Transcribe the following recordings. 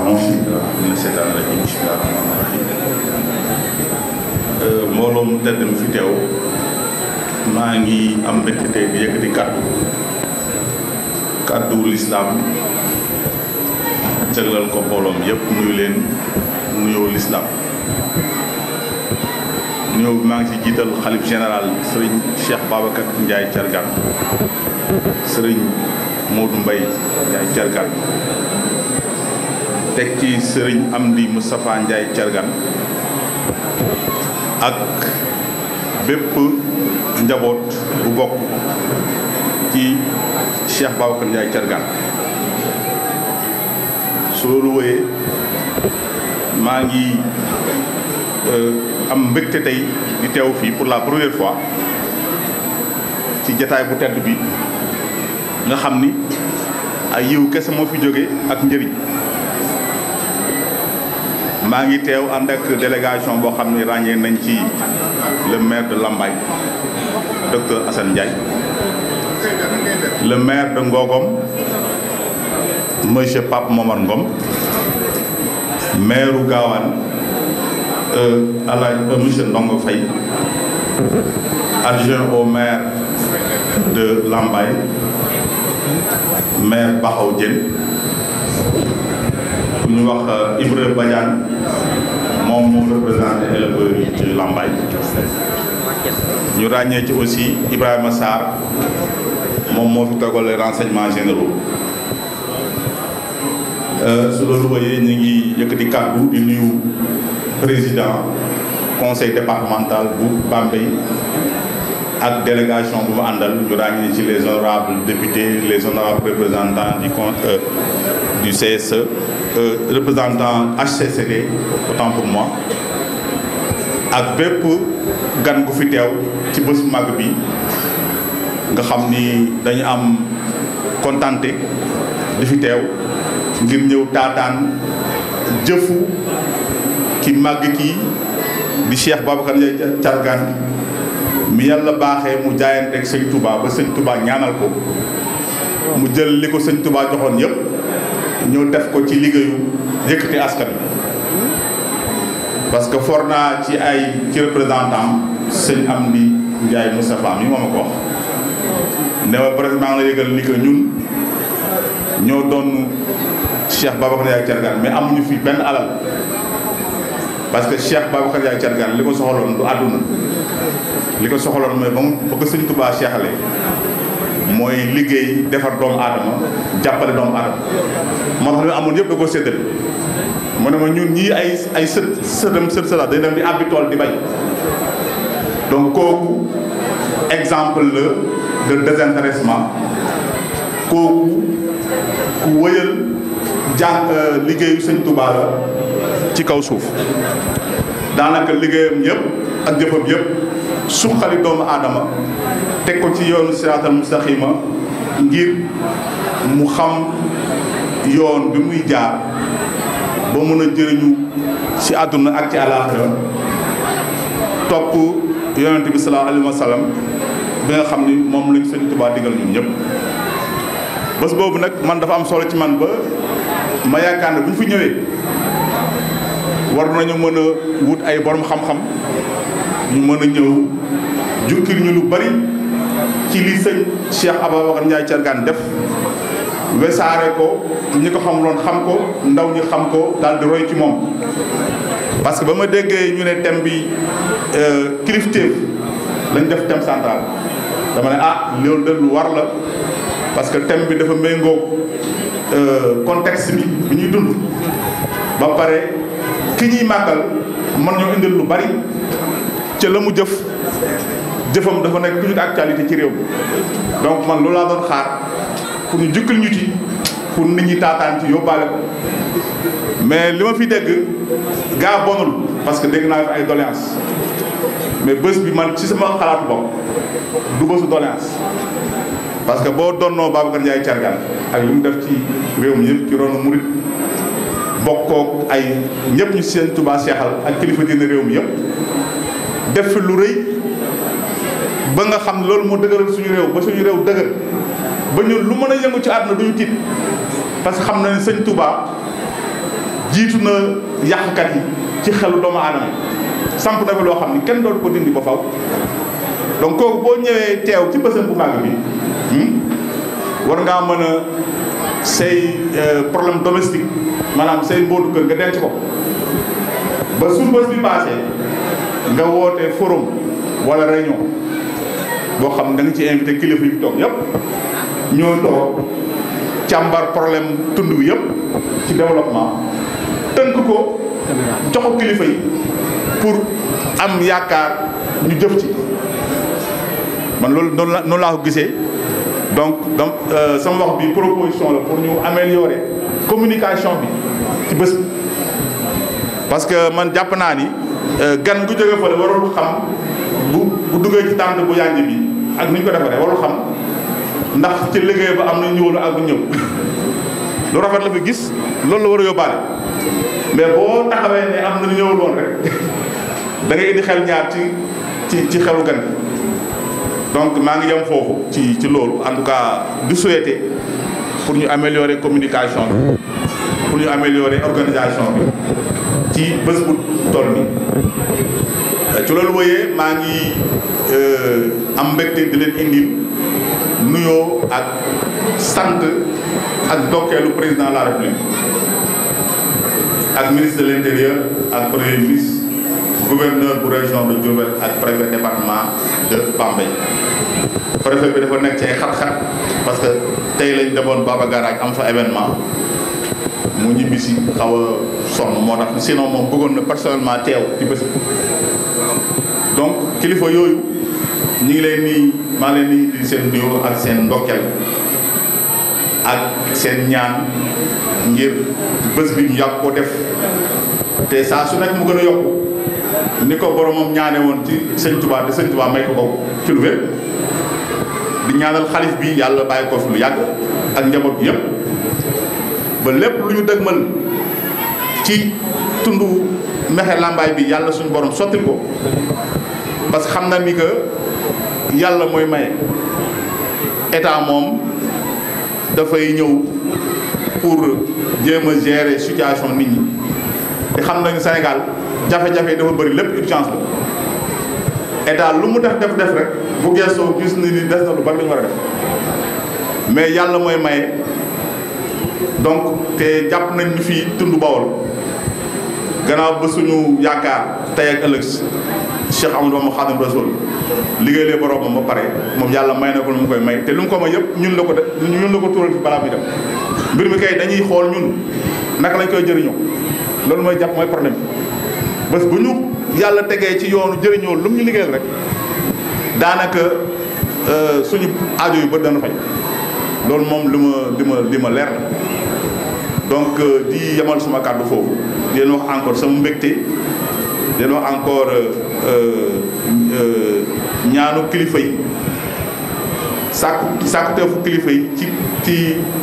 أعوذ بالله من mu tedd mi fi teew maa ngi am mbégte tey di yëkkati kàddu kàddu lislaam jaglal ko mbooloom yëpp nuyu leen nuyoo lislaam nuyoo bi maa ngi ci jiital xalif général sëriñ Cheikh Babacar Ndiaye Thiargane sëriñ Modou Mbaye Ndiaye Thiargane teg ci sëriñ am Amdi Moustapha Ndiaye Thiergane ak bépp njaboot bu bokk ci Cheikh Babacar Ndiaye Thiergane su loolu wëyee maa ngi euh, am mbégte tey di teew fii pour la première fois ci jataay bu tedd bi nga xam ni ay yiw kese moo fi jóge ak njëriñ maa ngi teew ànd ak délégation boo xam ni ràññee nañ ci le maire de Lambaye docteur Assane Ndiaye le maire de Ngogom monsieur Pape Momar Ngom maire Gawane euh, ala euh, monsieur Ndongo Faye adjoint au maire de Lambaye maire Bakhaw Diène ku ñu wax euh, Ibra Badiane moom moo représenté éleveurs yi ci ñu ràññee ci aussi Ibrahima Sarr moom moo fi toggal les renseignements généraux euh, su loolu wooyee ñu ngi yëkkati kàddu di nuyu président conseil départemental bu Bambey ak délégation bu mu àndal ñu ràññee ci les honorables députés les honorables représentants du con euh, Euh, représentant HCCT autant pour moi ak bépp gan gu fi teew ci bés mag bi nga xam ni dañu am kontante di fi teew ngir ñëw taataan jëfu ki màgg kii di Cheikh Babacar Ndiaye Thiargane mi yàlla baaxee mu jaayanteeg sëñ Touba ba sëñ Touba ñaanal ko mu jël li ko sëñ Touba joxoon yëpp ñu def ko ci liggéeyu yëkkati bi parce que for naa ci ay ci représentant sëñ am di Ndiaye Moustapha mi moo ma ko wax ne ma président yëgal ni que ñun ñoo doon Cheikh Babacar Ndiaye Thiergane mais amuñu fi benn alal parce que ba Cheikh Babacar Ndiaye Thiergane li ko soxaloon du àdduna li ko soxaloon mooy ba mu ba ko sëñ Touba Cheikh mooy liggéey defar doomu aadama jàppale doomu aadama moo tax li amoon yëpp da koo séddale mu ne ma ñun ñii ay ay sët sëtam sët sëtaat dañu dem di àbbi tool di bay donc kooku exemple la de désintéressement kooku ku wëyal jàng euh, liggéeyu sëñ Tuubaa ci kaw suuf daanaka liggéeyam yëpp ak jëfam yëpp suqali doomu aadama teg ko ci yoonu siraatal mustaqima ngir mu xam yoon bi muy jaar ba mën a jëriñu ci àdduna ak ci àllaaxira topp yonent bi sallallahu alayhi wa bi nga xam ni moom lañu Sëñ Tuubaa digal ñun ñëpp bés boobu nag man dafa am solo ci man ba ma yaakaar ne bu ñu fi ñëwee war nañu mën a wut ay boroom xam-xam ñu mën a ñëw jukkil ñu lu bari ci li sëñ Cheikh Ababacar Ndiaye Thiergane def wesaare ko ñi ko xamuloon xam ko ndaw ñi xam ko daal di roy ci moom parce que ba ma déggee ñu ne thème bi euh, kilifteef lañ def thème central dama ne ah loolu de lu war la parce que thème bi dafa méngoo euh, contexte bi bi ñuy dund ba pare ki ñuy màggal mën ñoo indil lu bari ca la mu jëf jëfam dafa nekk toujours actualité ci réew mi donc man loolu laa doon xaar pour ñu jukkal ñu ci pour nit ñi taataan ci yóbbaale mais li ma fi dégg gaa bonul parce que dégg naa fi ay doléance mais bés bi man ci sama xalaatu bopp du bésu doléance parce que boo donnoo Babacar Ndiaye Thiargane ak li mu def ci réew mi yëpp ci ronu murit bokkoo ay ñëpp ñu seen Tuubaa seexal ak kilifa diine réew mi yëpp def fi lu rëy ba nga xam loolu moo dëgëral suñu réew ba suñu réew dëgër ba ñun lu mën a yëngu ci àdduna duñu tiit parce que xam na sañ sëñ Touba jiitu na yàqkat yi ci xelu doomu aadama samp na fi loo xam ne kenn dootu ko dindi ba faw donc boo ñëwee teew ci bësam bu màgg hmm, war ngaa mën a say euh, problème domestique maanaam say mbootu nga denc ko ba suñu bës bi passé nga woote forum wala réunion boo xam da nga ci invité kilifa bi toog yëpp ñoo toog càmbar problème tund bi yëpp ci développement tënk ko jox kilifa yi pour am yaakaar ñu jëf ci man loolu noonu la noonu laa ko gisee donc donc euh, sama wax bi proposition la pour ñu améliorer communication bi ci bés parce que man jàpp naa ni euh, gan gu jóge fële warul xam bu bu duggee ci tànt bu yànj bi ak ni ñu ko defaree warul xam ndax ci liggéey ba am na ñëw na ak ñëw lu rafet la fi gis loolu la war a yóbbaale mais boo taxawee ne am na ñëwul woon rek da indi xel ñaar ci ci ci xelu gan gi donc maa ngi yem foofu ci ci loolu en tout cas di pour ñu améliorer communication bi pour ñu améliorer organisation bi ci bés bu toll nii. su loolu wooyee maa ngi euh, am mbégte di leen indi nuyoo ak sant ak ndokkeelu président de la république ak ministre de l' ak premier ministre gouverneur bu région de Diourbel ak préfet département de bi dafa nekk ci ay xat-xat parce que tey lañ demoon Baba ak am fa événement mu ñibbisi si a sonn moo tax sinon moom bëggoon na personnellement teew ci bés kilifa yooyu ñu ngi leen ni maa leen ni seen nuyoo ak seen ndokkeel ak seen ñaan ngir bés bi ñu yàgg ko def te saa su nekk mu gën a yokk ni ko boromam ñaane woon ci sëñ tubaab te sëñ Tuubaa may ko ko ci lu wér di ñaanal xalif bi yàlla bàyyi ko lu yàgg ak njaboot bi yëpp ba lépp lu ñu dëgmal ci tundu mexe làmbaay bi yàlla suñu borom sottil ko parce que xam na ni que yàlla mooy maye état moom dafay ñëw pour jéem a gérer situation nit ñi te xam nañu Sénégal jafe-jafe dafa bëri lépp urgence la état lu mu def def def rek bu gëstoo gis ni ni des na lu bari lu ñu war mais yàlla mooy maye donc te jàpp nañ ñu fi tund Bawol gannaaw ba suñu yaakaar tey ak ëllëg Cheikh Amadou Bamba Xaadimu Rasuul liggéeylee boroomam ba pare moom yàlla may na ko lu mu koy may te lu mu ko may yëpp ñun la ko de ñun la ko tuural fi balaa bi dem mbir mi kay dañuy xool ñun naka lañ koy jëriñoo loolu mooy jàpp mooy problème bés bu ñu yàlla tegee ci yoonu jëriñoo lu mu ñu liggéeyal rek daanaka euh, suñu aajo yu bët dana fay loolu moom lu ma li ma li ma leer la donc euh, di yemal suma kàddu foofu di leen wax encore sama mbégte di leen wax encore euh, Euh, euh, ñaanu kilifa yi sàkku sàkkuteefu kilifa yi ci ci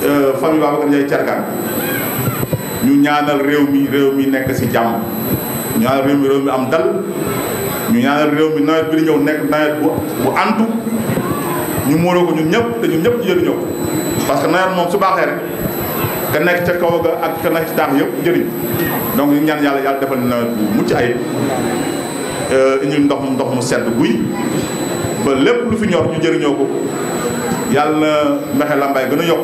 euh, famille Babacar Ndiaye ñaanal réew mi réew mi nekk ci jàmm ñu ñaanal mi am dal ñu réew mi nawet bi di ñëw nekk nawet bu bu antu ñu mënoo ko ñun ñëpp te ñun ñëpp parce que nawet moom su baaxee rek nekk ca kaw ak ka nekk ci taax yëpp jëriñ donc ñu ñaan yàlla yàlla defal nawet bu mucc ayib ñu euh, ndox mu ndox mu sedd guy ba lépp lu fi ñor ñu jëriñoo ko yàlla na Mekhe gën a yokk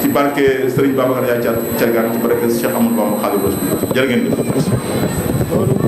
ci barke Serigne Babacar Ndiaye Thiel Thiel ci barke Cheikh Amadou Bamba Khadimou Rassoul jërë ngeen jëf.